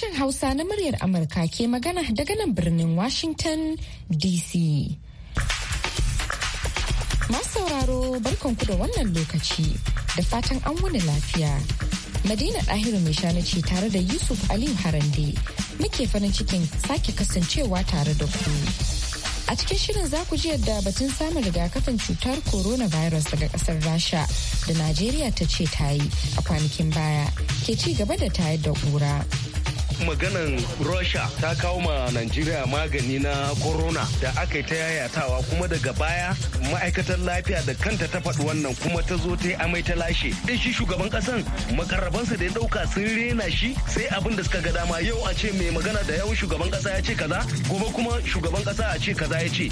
Sashen Hausa na muryar Amurka ke magana daga nan birnin Washington DC. Masu sauraro barkanku da wannan lokaci da fatan an wani lafiya. Madina Ɗahiru mai shanu ce tare da Yusuf Aliyu Harande muke farin cikin sake kasancewa tare da ku. A cikin shirin za ku ji yadda batun samun rigakafin cutar coronavirus daga kasar Rasha da Najeriya ta ce ta yi a kwanakin baya ke ci gaba da tayar da ƙura. maganan Russia ta kawo ma Najeriya magani na corona da aka yi ta yayatawa kuma daga baya ma'aikatar lafiya da kanta ta faɗi wannan kuma ta zo ta yi amai ta lashe. Ɗin shi shugaban ƙasan makarabansa da ya ɗauka sun rena shi sai abin da suka ga dama yau a ce mai magana da yawan shugaban ƙasa ya ce kaza gobe kuma shugaban ƙasa a ce kaza ya ce.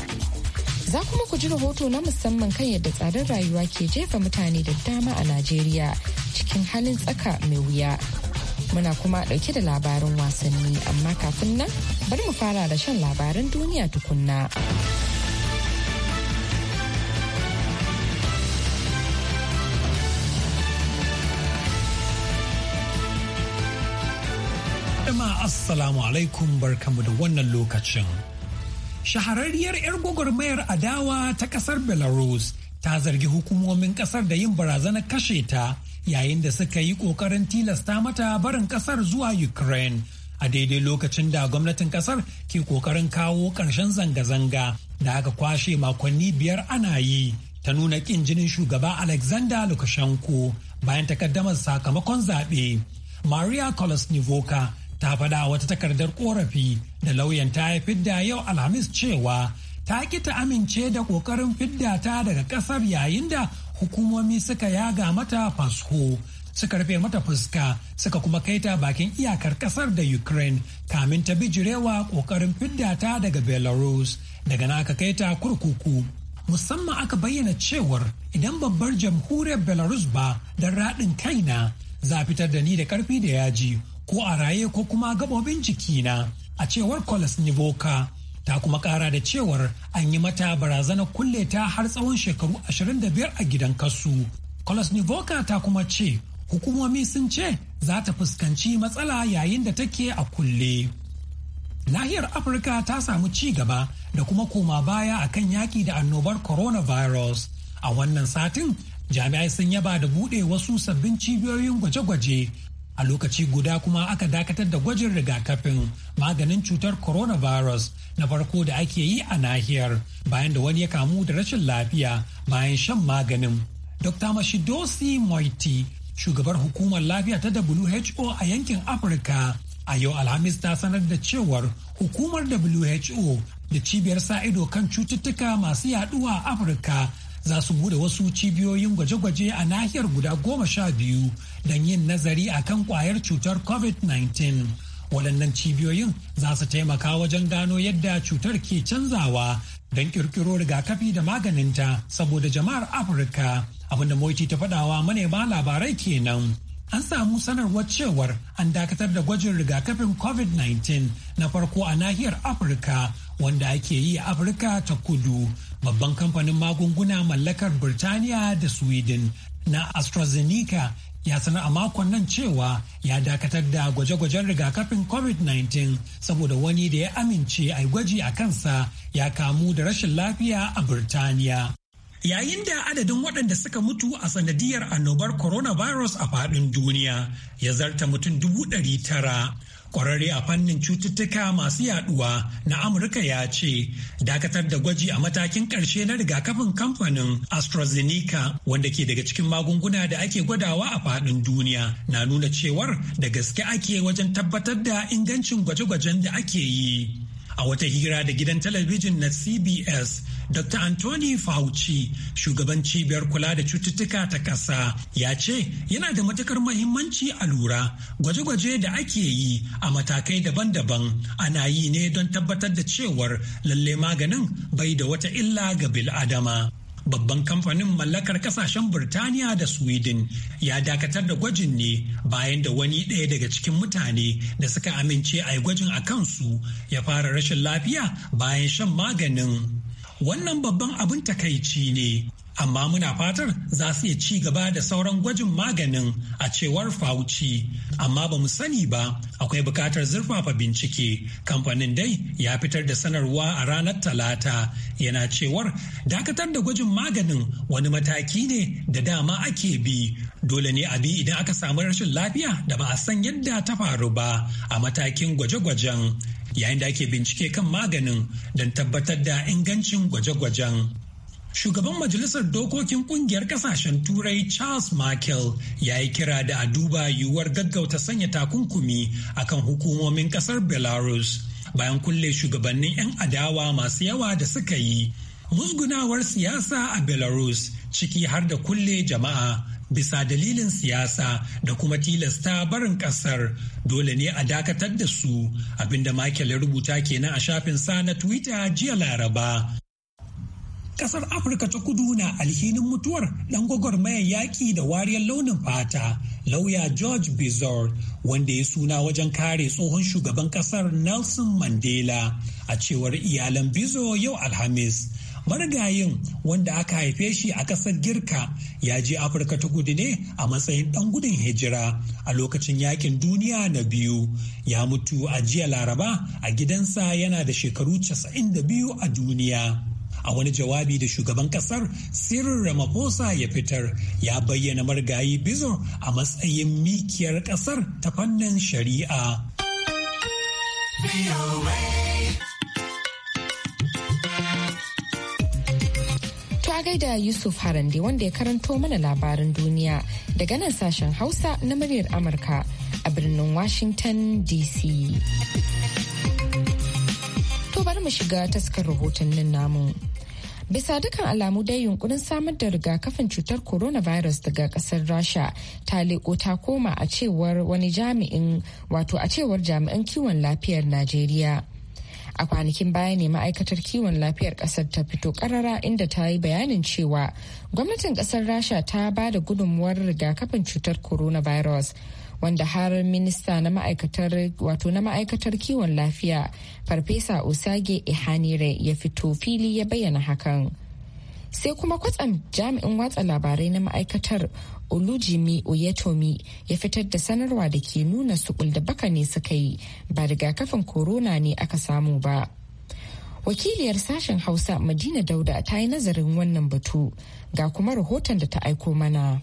Za kuma ku ji rahoto na musamman kan yadda tsadar rayuwa ke jefa mutane da dama a Najeriya cikin halin tsaka mai wuya. muna kuma dauke da labarin wasanni amma kafin nan bari mu fara da shan labaran duniya tukunna. Assalamu alaikum barkamu da wannan lokacin. Shahararriyar 'yar gwagwarmayar adawa ta kasar Belarus ta zargi hukumomin kasar da yin barazanar kashe ta yayin da suka yi kokarin tilasta mata barin kasar zuwa Ukraine. A daidai lokacin da gwamnatin kasar ke kokarin kawo ƙarshen zanga-zanga da aka kwashe makonni biyar ana yi ta nuna ƙin jinin shugaba Alexander Lukashenko bayan takaddamar sakamakon zaɓe. Maria Kolesnivoka ta faɗa wata takardar korafi da lauyan ta ya fidda yau Alhamis cewa ta ƙi ta amince da ƙoƙarin fidda ta daga ƙasar yayin da hukumomi suka yaga mata fasho suka rufe mata fuska suka kuma kai ta bakin iyakar kasar da ukraine kamin ta bijirewa kokarin fidda ta daga belarus daga naka kai ta kurkuku musamman aka bayyana cewar idan babbar jamhuriyar belarus ba don raɗin kaina za fitar da ni da karfi da yaji ko a raye ko kuma gabobin jikina a cewar kolas nivoka ta kuma kara da cewar an yi mata barazana kulle ta har tsawon shekaru 25 a gidan kasu. Nivoka ta kuma ce hukumomi sun ce za ta fuskanci matsala yayin da take a kulle. Nahiyar Afirka ta samu ci gaba da kuma koma baya a kan yaƙi da annobar coronavirus. A wannan satin, jami'ai sun yaba da buɗe wasu sabbin cibiyoyin gwaje-gwaje a lokaci guda kuma aka dakatar da gwajin rigakafin maganin cutar coronavirus na farko da ake yi a nahiyar bayan da wani ya kamu da rashin lafiya bayan shan maganin dr mashidosi moiti shugabar hukumar lafiya ta who a yankin afirka a yau alhamis ta sanar da cewar hukumar who da cibiyar sa ido kan cututtuka masu yaduwa a afirka za su bude wasu cibiyoyin gwaje-gwaje a nahiyar guda goma sha biyu don yin nazari a kan kwayar cutar covid-19 waɗannan cibiyoyin za su taimaka wajen gano yadda cutar ke canzawa don ƙirƙiro rigakafi da maganinta saboda jama'ar afirka abinda moiti ta faɗawa manema labarai kenan an samu sanarwar cewar an dakatar da gwajin rigakafin covid-19 na farko a nahiyar afirka wanda ake yi a afirka ta kudu babban kamfanin magunguna mallakar Birtaniya da Sweden na AstraZeneca ya sanar a makon nan cewa ya dakatar da gwaje-gwajen rigakafin COVID-19 saboda wani da ya amince a gwaji a kansa ya kamu da rashin lafiya a Birtaniya. Yayin da adadin waɗanda suka mutu a sanadiyar annobar coronavirus a faɗin duniya ya zarta mutum dubu ɗari tara. Kwararre a fannin cututtuka masu yaduwa na Amurka ya ce dakatar da gwaji a matakin ƙarshe na rigakafin kamfanin AstraZeneca wanda ke daga cikin magunguna da ake gwadawa a fadin duniya na nuna cewar da gaske ake wajen tabbatar da ingancin gwaje-gwajen da ake yi. A wata hira da gidan talabijin na CBS Dr. Anthony Fauci, shugaban cibiyar kula da cututtuka ta ƙasa, ya ce yana da matukar mahimmanci a lura gwaje-gwaje da ake yi a matakai daban-daban ana yi ne don tabbatar da cewar lalle maganin bai da wata illa ga bil'adama. babban kamfanin mallakar kasashen Birtaniya da Sweden ya dakatar da gwajin ne bayan da wani ɗaya daga cikin mutane da suka amince a yi gwajin a kansu ya fara rashin lafiya bayan shan maganin. Wannan babban abin takaici ne, amma muna fatar za su iya ci gaba da sauran gwajin maganin a cewar Fauci. Amma ba mu sani ba akwai bukatar zurfafa bincike. Kamfanin dai ya fitar da sanarwa a ranar Talata yana cewar dakatar da gwajin maganin wani mataki ne da dama ake bi. Dole ne a bi idan aka samu rashin lafiya da ba a san yadda ta faru ba a matakin gwaje-gwajen. yayin da ake bincike kan maganin don tabbatar da ingancin gwaje-gwajen. Shugaban Majalisar Dokokin Kungiyar Kasashen Turai Charles Markel ya yi kira da a duba yiwuwar gaggauta sanya takunkumi akan hukumomin kasar Belarus bayan kulle shugabannin 'yan adawa masu yawa da suka yi. Musgunawar siyasa a Belarus ciki har da kulle jama'a bisa dalilin siyasa da kuma tilasta barin kasar dole ne a dakatar da su abinda Michael ya rubuta kenan a shafin sa na Twitter jiya Laraba. Kasar Afirka ta kudu na alhinin mutuwar ɗan gwagwarmayar yaƙi da wariyar launin fata, lauya George Bizor, wanda ya suna wajen kare tsohon shugaban kasar Nelson Mandela, a cewar iyalan Bizo yau Alhamis. marigayin wanda aka haife shi a ƙasar girka ya je afirka ta kudu ne a matsayin ɗan gudun hijira a lokacin yakin duniya na biyu ya mutu a jiya laraba a gidansa yana da shekaru 92 a duniya a wani jawabi da shugaban kasar Cyril Ramaphosa ya fitar ya bayyana marigayi bizo a matsayin mikiyar kasar ta fannin shari'a. na gaida Yusuf Harande wanda ya karanto mana labarin duniya daga nan sashen Hausa na muryar Amurka a birnin Washington DC. To bari mu shiga taskar rahotannin namu. bisa dukan alamu dai yunkurin samar da rigakafin cutar coronavirus daga kasar rasha ta leko ta koma a cewar wani jami'in wato a cewar jami'an kiwon lafiyar najeriya a kwanakin baya ne ma'aikatar kiwon lafiyar ƙasar ta fito karara inda ta yi bayanin cewa gwamnatin ƙasar rasha ta ba da gudunmuwar rigakafin cutar coronavirus wanda har minista na ma'aikatar wato na ma'aikatar kiwon lafiya farfesa osage ehanire ya fito fili ya bayyana hakan sai kuma kwatsam jami'in watsa labarai na ma'aikatar olujimi oyetomi ya fitar da sanarwa da ke nuna sukul da baka ne suka yi ba rigakafin corona ne aka samu ba wakiliyar sashen hausa madina dauda ta yi nazarin wannan batu ga kuma rahoton da ta aiko mana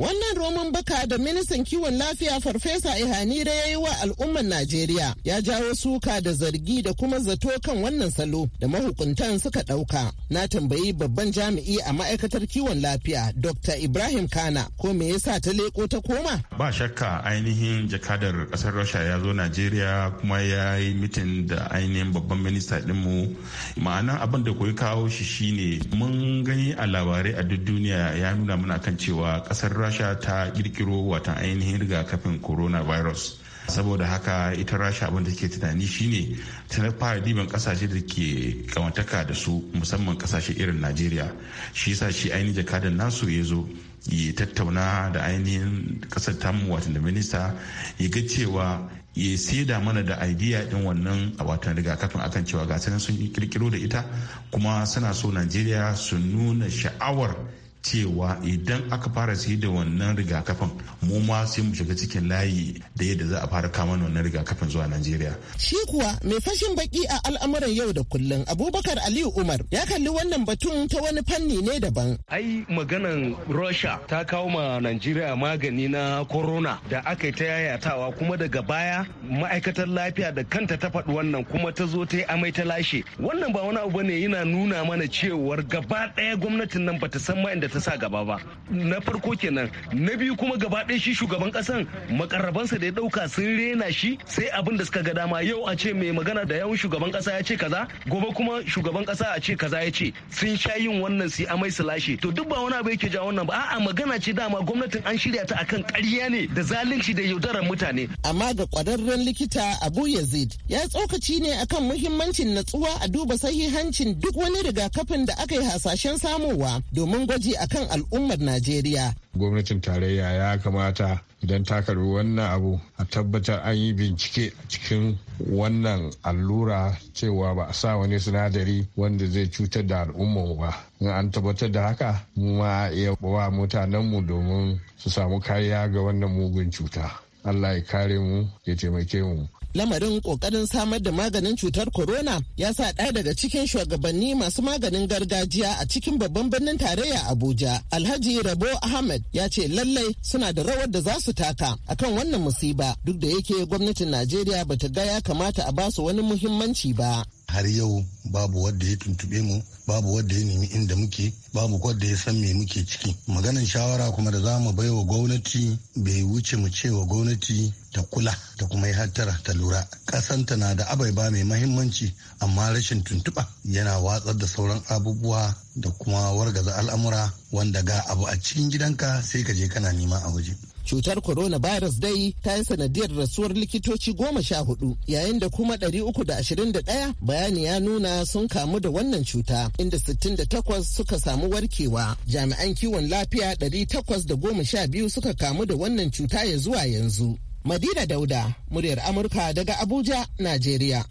Wannan roman baka da ministan kiwon lafiya Farfesa Ihanira ya yi wa al'ummar Najeriya ya jawo suka da zargi da kuma zato kan wannan salo da mahukuntan suka ɗauka. Na tambayi babban jami'i a ma'aikatar kiwon lafiya Dr. Ibrahim Kana ko me yasa ta leko ta koma? Ba shakka ainihin jakadar kasar Rasha ya zo Najeriya kuma ya yi mitin da ainihin babban minista ɗinmu. ma'ana abin da koyi kawo shi shine mun gani a labarai a duk duniya ya nuna mana kan cewa ƙasar rasha ta kirkiro wata ainihin rigakafin coronavirus saboda haka ita rasha abin da ke tunani shine ta fara diban kasashe da ke kamantaka da su musamman kasashe irin najeriya shi yasa shi ainihin jakadan nasu ya zo ya tattauna da ainihin kasar tamu watan da minista ya ga cewa ya saida mana da idea din wannan a watan rigakafin akan cewa gasar sun kirkiro da ita kuma suna so najeriya su nuna sha'awar cewa idan aka fara sai da wannan rigakafin mu ma sai mu shiga cikin layi da yadda za a fara kama wannan rigakafin zuwa Najeriya. Shi kuwa mai fashin baki a al'amuran yau da kullum Abubakar Aliyu Umar ya kalli wannan batun ta wani fanni ne daban. Ai maganan Russia ta kawo ma Najeriya magani na corona da aka yi ta yayatawa kuma daga baya ma'aikatar lafiya da kanta ta faɗi wannan kuma ta zo ta yi amai ta lashe. Wannan ba wani abu ne yana nuna mana cewar gaba ɗaya gwamnatin nan bata san ma inda ta sa gaba ba na farko kenan na biyu kuma gaba ɗaya shi shugaban kasan makarrabansa da ya ɗauka sun rena shi sai abin da suka ga dama yau a ce mai magana da yawan shugaban ƙasa ya ce kaza gobe kuma shugaban ƙasa a ce kaza ya ce sun sha yin wannan su amai su lashe to duk ba wani abu yake ja wannan ba a'a magana ce dama gwamnatin an shirya ta akan ƙarya ne da zalunci da yaudarar mutane amma ga kwararren likita Abu Yazid ya tsokaci ne akan muhimmancin natsuwa a duba sahihancin duk wani rigakafin da aka yi hasashen samowa domin gwaji akan al'ummar Najeriya. Gwamnatin tarayya ya kamata idan ta karbi wannan abu a tabbatar an yi bincike a cikin wannan allura cewa ba a sa wani sinadari wanda zai cutar da al'umma ba in an tabbatar da haka mu ma iya wa mutanenmu domin su samu kariya ga wannan mugun cuta allah ya kare mu ya taimake mu lamarin kokarin samar da maganin cutar corona ya sa ɗaya daga cikin shugabanni masu maganin gargajiya a cikin babban birnin tarayya abuja alhaji rabo ahmed ya ce lallai suna da rawar da za su taka akan wannan musiba duk da yake gwamnatin najeriya bata ga ya kamata a basu wani muhimmanci ba har yau babu wanda ya tuntube mu babu wanda ya nemi inda muke babu wanda ya san me muke ciki maganan shawara kuma da za mu bai gwamnati bai wuce mu ce wa gwamnati ta kula ta kuma yi hattara ta lura Kasanta na da abaiba mai mahimmanci amma rashin tuntuɓa yana watsar da sauran abubuwa da kuma wargaza al'amura wanda ga abu a cikin gidanka sai ka je kana nema a waje Cutar corona virus dai ta yi sanadiyar rasuwar likitoci goma sha hudu yayin da kuma ɗari uku da ashirin da ɗaya bayani ya nuna sun kamu da wannan cuta inda sittin da takwas suka samu warkewa. Jami'an kiwon lafiya ɗari takwas da goma sha biyu suka kamu da wannan cuta ya zuwa yanzu. Madina Dauda, muryar Amurka daga Abuja, Najeriya.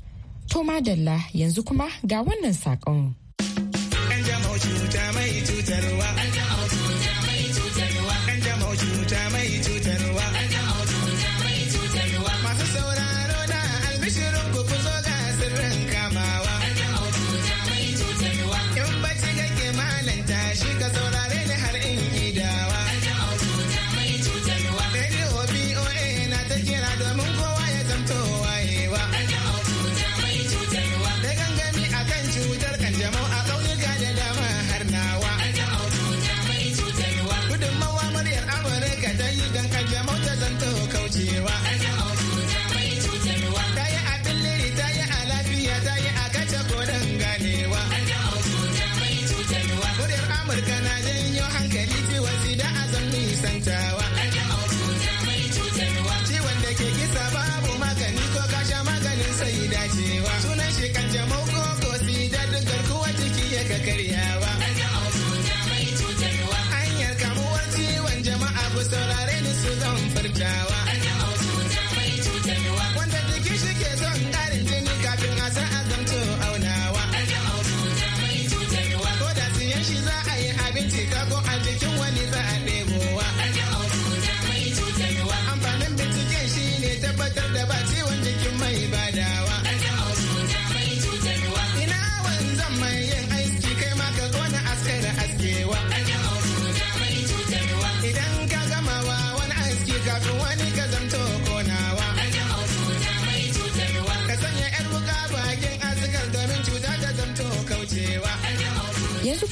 To Madalla yanzu kuma ga wannan saƙon. An cuta mai cutarwa. furtawa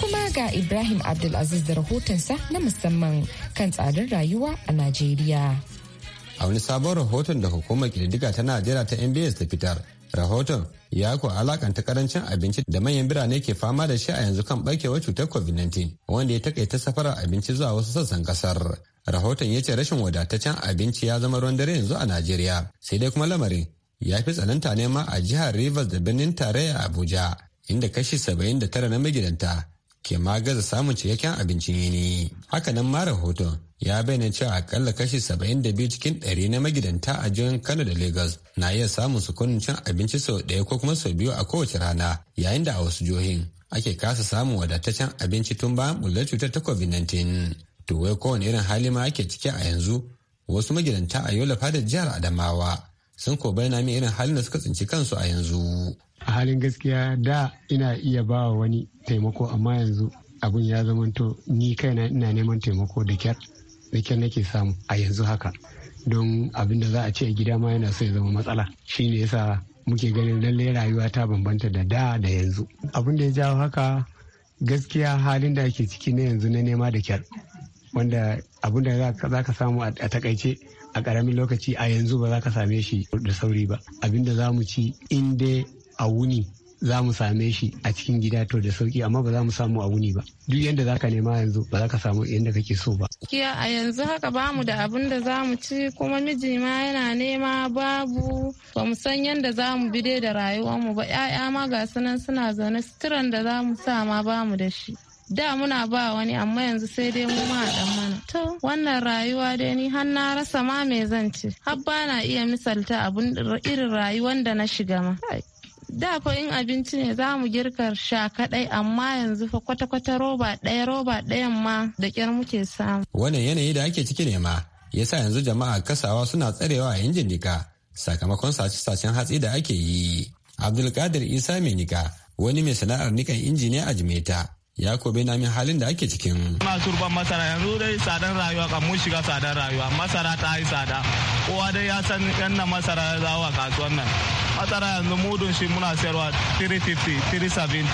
kuma ga Ibrahim Abdulaziz da rahotonsa na musamman kan tsadar rayuwa a Najeriya. A wani sabon rahoton da hukumar kididdiga ta Najeriya ta NBS ta fitar, rahoton ya ko alakanta karancin abinci da manyan birane ke fama da shi a yanzu kan barkewar cutar COVID-19 wanda ya takaita safarar abinci zuwa wasu sassan kasar. Rahoton ya ce rashin wadataccen abinci ya zama ruwan dare yanzu a Najeriya, sai dai kuma lamarin ya fi tsananta nema a jihar Rivers da birnin tarayya Abuja, inda kashi saba'in da tara na magidanta ke magaza samun cikakken abincin yini. nan ma rahoton ya bayyana cewa akalla kashi saba'in 72 cikin ɗari na magidanta a jihar Kano da Lagos na iya samun sukunin cin abinci sau ɗaya ko kuma sau biyu a kowace rana yayin da a wasu jihohin ake kasa samun wadataccen abinci tun bayan bullar cutar ta COVID-19. To wai kowane irin hali ma ake ciki a yanzu wasu magidanta a Yola fadar jihar Adamawa sun ko bayyana min irin halin da suka tsinci kansu a yanzu. a halin gaskiya da ina iya ba wani taimako amma yanzu abin ya zamanto ni kaina ina neman taimako da kyar da kyar nake samu a yanzu haka don abin da za a ce a gida ma yana so ya zama matsala shine yasa muke ganin lalle rayuwa ta bambanta da da da yanzu abin da ya jawo haka gaskiya halin da ake ciki na yanzu na nema da kyar wanda abin da za ka samu a takaice a karamin lokaci a yanzu ba za ka same shi da sauri ba abin da za mu ci in a wuni za mu same shi a cikin gida to da sauki amma ba za mu samu a wuni ba duk yadda za ka nema yanzu ba za ka samu yadda kake so ba. Kiya a yanzu haka ba mu da abin da za mu ci kuma miji ma yana nema babu ba mu san yadda za mu bi da rayuwar mu ba 'ya'ya ma ga sunan suna zaune sitiran da za mu sa ma ba mu da shi. da muna ba wani amma yanzu sai dai mu ma dan mana to wannan rayuwa dai ni har na rasa ma me zan ci har ba na iya misalta abun irin rayuwar da na shiga ma da fa in abinci ne za mu girka sha kadai amma yanzu fa kwata-kwata roba ɗaya roba ɗayan ma da kyar muke samu. Wannan yanayi da ake ciki ne ma yasa yanzu jama'a kasawa suna tsarewa a injin nika sakamakon sace-sacen hatsi da ake yi. Abdulkadir Isa mai nika wani mai sana'ar nikan inji ne a Jimeta. ya kobe na min halin da ake cikin. Ma turban masara yanzu dai tsadar rayuwa kan mun shiga tsadar rayuwa masara ta yi tsada kowa dai ya san yan masara ya zawo a kasuwan nan matsara yanzu mudun shi muna sayarwa 350 370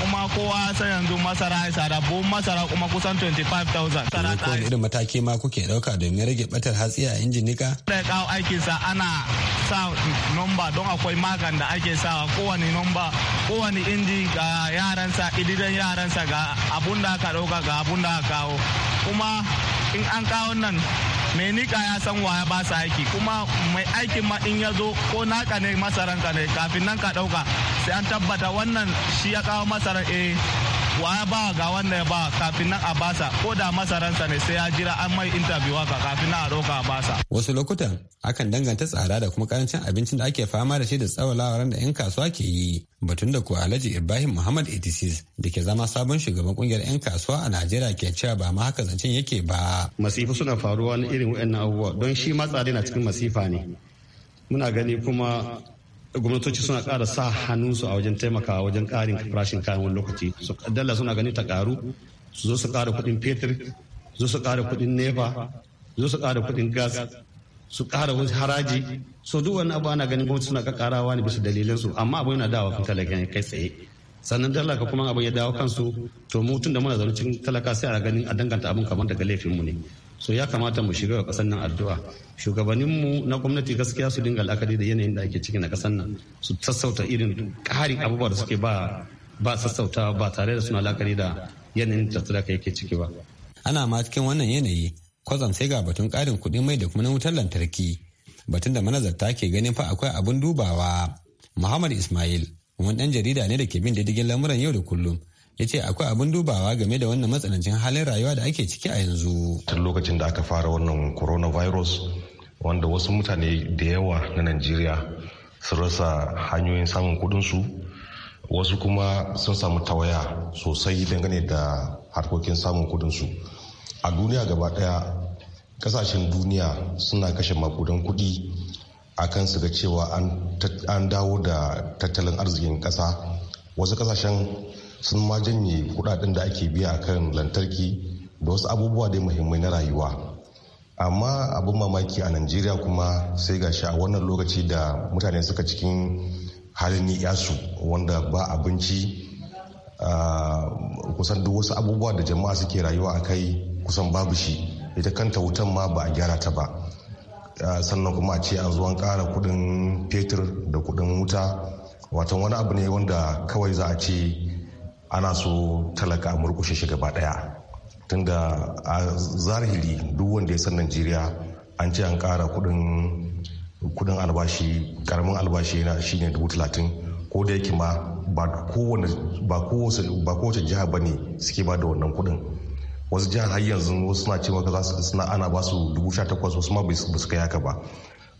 kuma kowa sai yanzu masara ya sada buhun masara kuma kusan 25,000. Ko kowane irin mataki ma kuke dauka domin rage batar hatsi a injin nika? Da kawo aikin sa ana sa nomba don akwai magan da ake sa kowane nomba kowane inji ga yaransa ididan yaransa ga abun da aka dauka ga abunda da aka kawo. Kuma in an kawo nan mai nika ya san waya ba sa aiki kuma mai aikin ma in ya zo ko naka ne ka ne kafin nan ka dauka sai an tabbata wannan shi ya kawo masara eh wa ba ga wannan ya ba kafin nan a basa ko da masaransa ne sai ya jira an mai interview haka kafin nan a roka a basa. Wasu lokutan akan danganta tsada da kuma karancin abincin da ake fama da shi da tsawalawaran da 'yan kasuwa ke yi batun da kuwa Alhaji Ibrahim Muhammad 86 da ke zama sabon shugaban kungiyar 'yan kasuwa a Najeriya ke cewa ba ma haka zancen yake ba. Masifu suna faruwa na irin waɗannan abubuwa don shi ma na cikin masifa ne. Muna gani kuma gwamnatoci suna ƙara sa hannunsu a wajen taimakawa wajen ƙarin farashin kayan wani lokaci su dala suna ganin ta ƙaru su zo su kara kudin fetur su zo su kara kudin nefa su zo su kara kudin gas su ƙara wani haraji so duk wani abu ana ganin gwamnati suna kakarawa ne bisa dalilansu amma abu yana dawa kan talaka ne kai tsaye sannan ka kuma abu ya dawo kansu to mutun da muna zaune cikin talaka sai a ganin a danganta abin kamar daga laifinmu ne so ya kamata mu shiga ga kasan nan addu'a shugabanninmu na gwamnati gaskiya su dinga la'akari da yanayin da ake ciki na kasan nan su sassauta irin ƙarin abubuwa da suke ba ba sassauta ba tare da suna la'akari da yanayin da talaka yake ciki ba ana ma cikin wannan yanayi kwatsam sai ga batun karin kuɗin mai da kuma na wutar lantarki batun da manazarta ke ganin fa akwai abun dubawa muhammad ismail wani ɗan jarida ne da ke bin diddigin lamuran yau da kullum ya ce akwai abin dubawa game da wannan matsanancin halin rayuwa da ake ciki a yanzu. Tun lokacin da aka fara wannan coronavirus wanda wasu mutane da yawa na Najeriya sun rasa hanyoyin samun kudinsu wasu kuma sun samu tawaya sosai dangane da harkokin samun kudinsu. A duniya gaba daya kasashen duniya suna kashe makudan kudi akan su ga cewa an dawo da tattalin arzikin kasa wasu kasashen sun ma janye kudaden da ake biya kan lantarki da wasu abubuwa dai muhimmai na rayuwa amma abin mamaki a najeriya kuma sai ga a wannan lokaci da mutane suka cikin halin yasu wanda ba abinci kusan duk wasu abubuwa da jama'a suke rayuwa a kai kusan babu shi ita kanta wutan ma ba a gyara ta ba sannan kuma a ce an zuwan kara kudin fetur da kudin wuta watan wani abu ne wanda kawai za a ce ana so talaka a murkushe shi gaba daya tunda a zahiri duk wanda ya san najeriya an ce an kara kudin albashi karamin albashi yana shine dubu talatin ko da yake ma ba kowace jiha ba ne suke ba da wannan kudin wasu jihar har yanzu wasu suna cewa ka suna ana ba su dubu sha takwas wasu ma ba su kai haka ba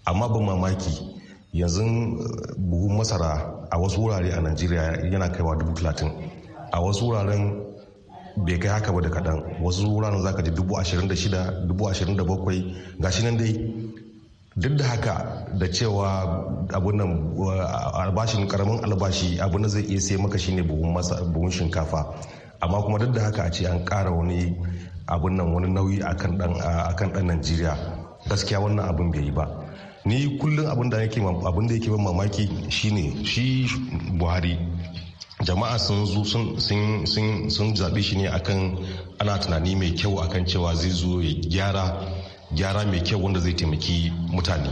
amma ban mamaki yanzu eh, buhun masara a wasu wurare a najeriya yana kaiwa dubu talatin a wasu wuraren bai kai haka ba da kaɗan wasu wuraren za ka ji dubu ashirin da shida dubu ashirin da bakwai shi nan dai duk da haka da cewa abunan albashin karamin albashi abun zai iya sai maka shi ne buhun shinkafa amma kuma duk da haka a ce an ƙara wani abun nan wani nauyi akan dan najeriya gaskiya wannan abun bai yi ba ni kullum abun da yake da yake ban mamaki shine shi buhari jama'a sun zo sun zaɓe shi ne akan ana tunani mai kyau akan cewa zai zo ya gyara gyara mai kyau wanda zai taimaki mutane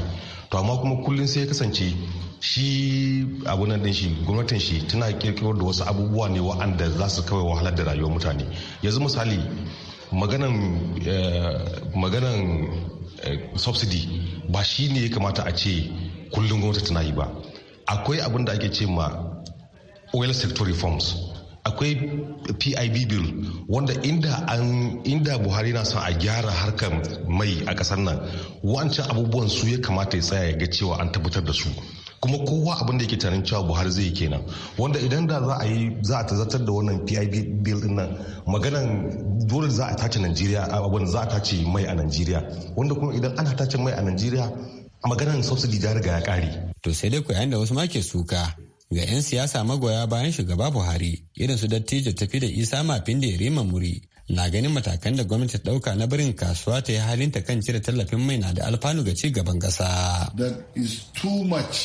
to amma kuma kullum sai ya kasance shi abu nan din shi gwamnatin shi tana kirkiro da wasu abubuwa ne wa'anda za su kawai wahalar da rayuwar mutane yanzu misali maganan eh, maganan eh, subsidy ba shi ne ya kamata a ce kullum gwamnati tana yi ba akwai abin da ake ce ma oil sector reforms akwai pib bill wanda inda an inda buhari na son a gyara harkar mai a kasar nan wancan abubuwan su ya kamata ya tsaya ya ga cewa an tabbatar da su kuma kowa abin da yake tarin cewa buhari zai kenan wanda idan da za a yi za a tazartar da wannan pib bill din nan maganan dole za a tace najeriya abin za a tace mai a najeriya wanda kuma idan ana tace mai a najeriya maganan subsidy da riga ya kare to sai dai ku yayin wasu ma ke suka ga 'yan siyasa magoya bayan shugaba buhari irin su dattijo tafi da isa mafin da rima muri na ganin matakan da gwamnati ta dauka na barin kasuwa ta yi halin ta kan cire tallafin mai na da alfanu ga cigaban gaban kasa is too much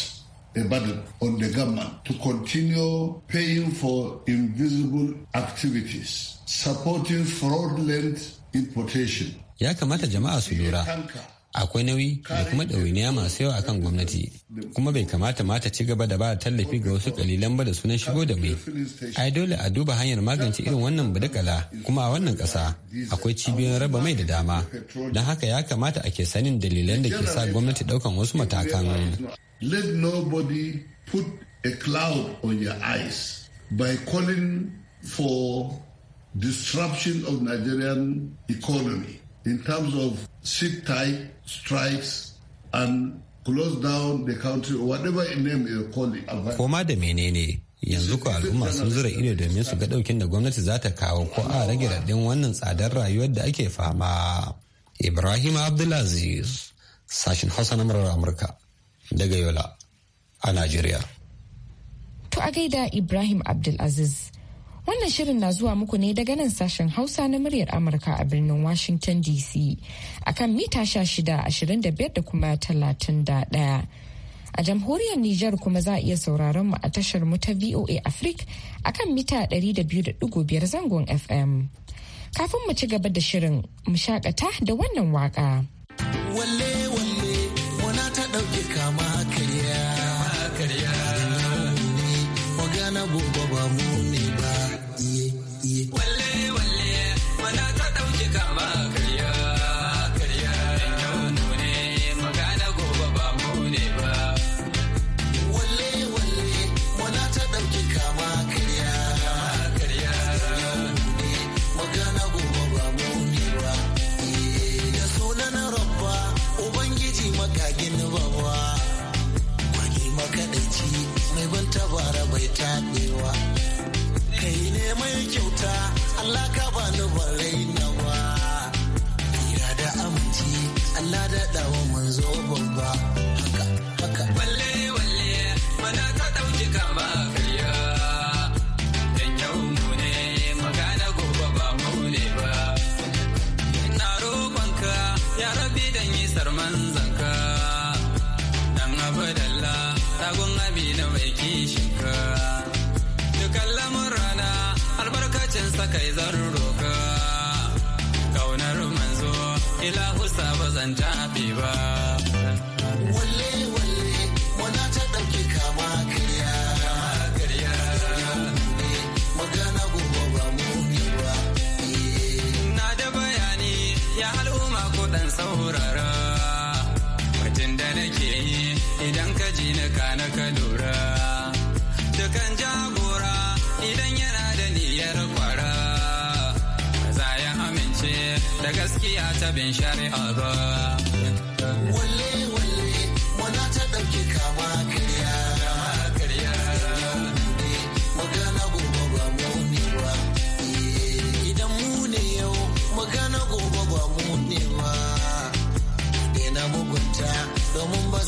a burden on the government to continue paying for invisible activities supporting fraudulent importation ya kamata jama'a su lura akwai nauyi da kuma ɗawainiya masu yawa akan gwamnati kuma bai kamata mata ci gaba da ba tallafi ga wasu kalilan ba da sunan shigo da mai ai dole a duba hanyar magance irin wannan badakala kuma a wannan ƙasa akwai cibiyoyin raba mai da dama don haka ya kamata a ke sanin dalilan da ke sa gwamnati ɗaukan wasu matakan let nobody put a cloud on your eyes by calling for disruption of Nigerian economy in terms of sit tight strikes and close down the country or whatever name you call it. Koma da menene yanzu ko al'umma sun zura ido domin su ga daukin da gwamnati za ta kawo ko a rage raɗin wannan tsadar rayuwar da ake fama. Ibrahim Abdulaziz, sashin Hausa na murar Amurka, daga Yola a Najeriya. To a gaida Ibrahim Abdulaziz. Wannan shirin na zuwa muku ne daga nan sashen Hausa na muryar Amurka a birnin Washington DC a kan mita ashirin da da kuma 31. A jamhuriyar Nijar kuma za a iya sauraron mu a tashar mu ta VOA Africa a kan mita 200.5 zangon FM. Kafin mu ci gaba da shirin, mu shakata da wannan waka. Allah ka bani ba nawa. Ira da aminci Allah da ɗawan kana ka lura dukan jagora idan yana da niyyar kwara za ya amince da gaskiya ta bin shari'a ba walle walle wana ɗauke kama karya karya mu ne ba idan mu ne yau mu ne ina mugunta domin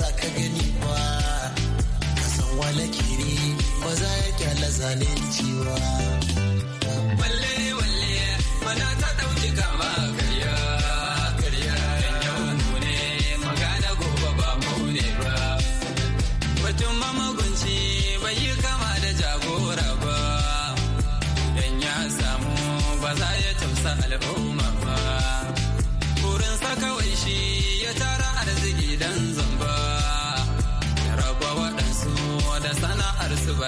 za ka gani ba kasan wala kiri ba za ya kyala zalunci ba walle walle mana ta dauki kama karya karya ne magana gobe ba mu ne ba batun mamagunci bai yi kama da jagora ba dan ya samu ba za ya tausa al'umma ba burinsa kawai shi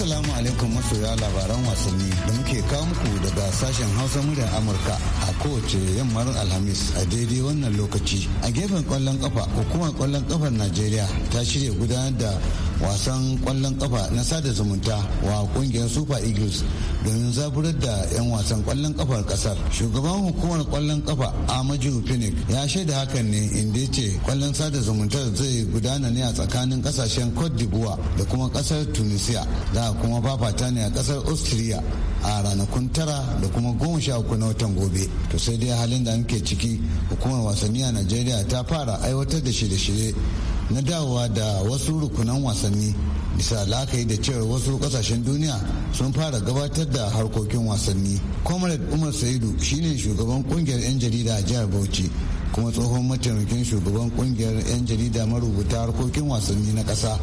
Assalamu alaikum masoya labaran wasanni da muke kawo muku daga sashen Hausa muryar Amurka a kowace yammar Alhamis a daidai wannan lokaci. A gefen kwallon kafa hukumar kwallon kafar Najeriya ta shirya gudanar da wasan kwallon kafa na sada zumunta wa kungiyar Super Eagles domin zaburar da 'yan wasan kwallon kafar kasar. Shugaban hukumar kwallon kafa Amaju Phoenix ya shaida hakan ne inda ce kwallon sada zumunta zai gudana ne a tsakanin kasashen Cote d'Ivoire da kuma kasar Tunisia. Za a kuma fafata ne a kasar austria a ranakun tara da kuma goma sha uku na watan gobe to sai dai halin da muke ciki hukumar wasanni a najeriya ta fara aiwatar da shirye-shirye na dawowa da wasu rukunan wasanni bisa la'akari da cewa wasu kasashen duniya sun fara gabatar da harkokin wasanni comrade umar saidu shine shugaban kungiyar 'yan jarida a jihar bauchi kuma tsohon mataimakin shugaban kungiyar 'yan jarida marubuta harkokin wasanni na kasa.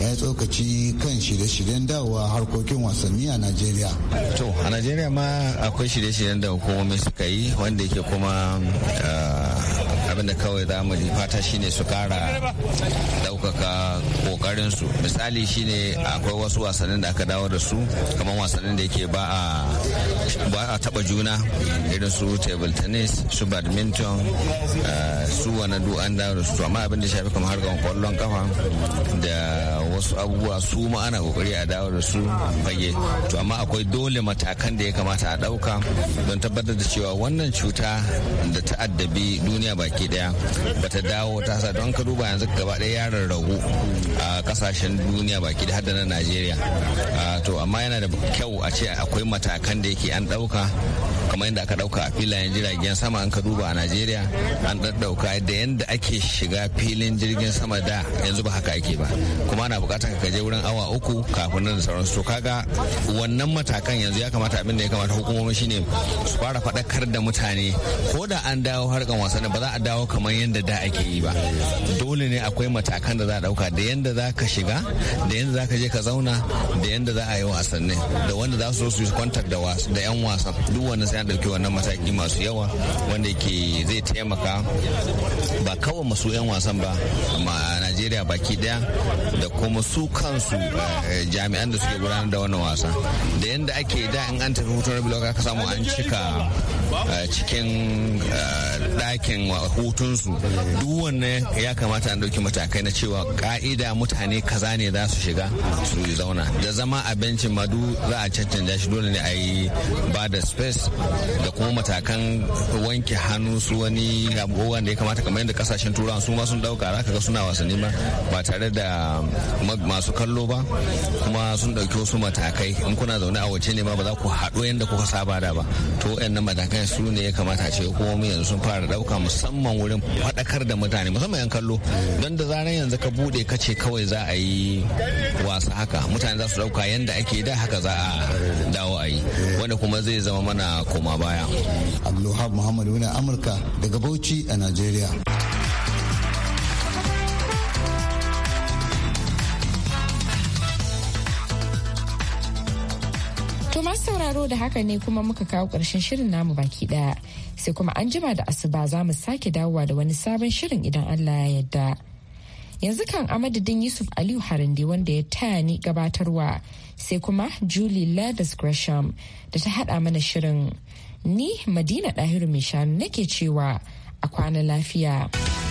ya yi tsokaci kan shirye-shiryen dawowa harkokin wasanni a najeriya to a najeriya ma akwai shirye-shiryen da hukumomi suka yi wanda yake kuma eh, da kawai za mu fata shine su kara daukaka kokarin misali shine akwai wasu wasannin da aka dawo da su kamar wasannin da yake ba a ba a taba juna irin su table tennis su badminton eh, su wani du an dawo da su amma abin da shafi kamar harkar kwallon kafa da wasu abubuwa su ma ana kokari a dawo da su fage to amma akwai dole matakan da ya kamata a dauka don tabbatar da cewa wannan cuta da ta'addabi duniya baki baki daya bata dawo ta sa don ka duba yanzu gaba daya ya ragu a kasashen duniya baki da na najeriya to amma yana da kyau a ce akwai matakan da yake an dauka kamar yadda aka dauka a filayen jiragen sama an ka duba a najeriya an daddauka da yadda ake shiga filin jirgin sama da yanzu ba haka ake ba kuma ana bukatar ka je wurin awa uku kafin nan da sauransu to kaga wannan matakan yanzu ya kamata abin da ya kamata hukumomi shine su fara faɗakar da mutane ko da an dawo harkan wasannin ba za a dawo dawo kamar yadda da ake yi ba dole ne akwai matakan da za a dauka da yadda za ka shiga da yadda za ka je ka zauna da yadda za a yi wasannin da wanda za su zo su yi kwantar da wasu da yan wasan duk wanda sai an dauki wannan mataki masu yawa wanda ke zai taimaka ba kawai masu yan wasan ba amma najeriya baki daya da kuma su kansu eh, jami'an da suke gudanar da wannan wasa da yadda ake da in an tafi hutun rabi lokaci samu an cika eh, cikin dakin eh, hutunsu duk wannan ya kamata an ɗauki matakai na cewa ka'ida mutane kaza ne za su shiga su zauna da zama abincin madu za a cancanta shi dole ne a yi ba da space da kuma matakan wanke hannu su wani abubuwan da ya kamata kamar yadda kasashen turawa su ma sun dauka za ka ga suna wasanni ba tare da masu kallo ba kuma sun ɗauki wasu matakai in kuna zaune a waje ne ma ba za ku haɗu yadda kuka saba da ba to waɗannan matakai su ne ya kamata ce mu yanzu sun fara ɗauka musamman wurin faɗakar da mutane musamman yan kallo don da zaran yanzu ka bude ka ce kawai za a yi wasa haka mutane za su ɗauka yadda ake da haka za a dawo a yi wanda kuma zai zama mana koma baya. Abdulhab Muhammad wani Amurka daga Bauchi a Najeriya. masu sauraro da haka ne kuma muka kawo ƙarshen shirin namu baki ɗaya. Sai kuma an jima da asuba za mu sake dawowa da wani sabon shirin idan Allah ya yadda Yanzu kan amadadin Yusuf Aliyu Harande wanda ya taya ni gabatarwa sai kuma Julie Lathers Gresham da ta haɗa mana shirin. Ni Madina Ɗahiru shanu nake cewa a kwana lafiya.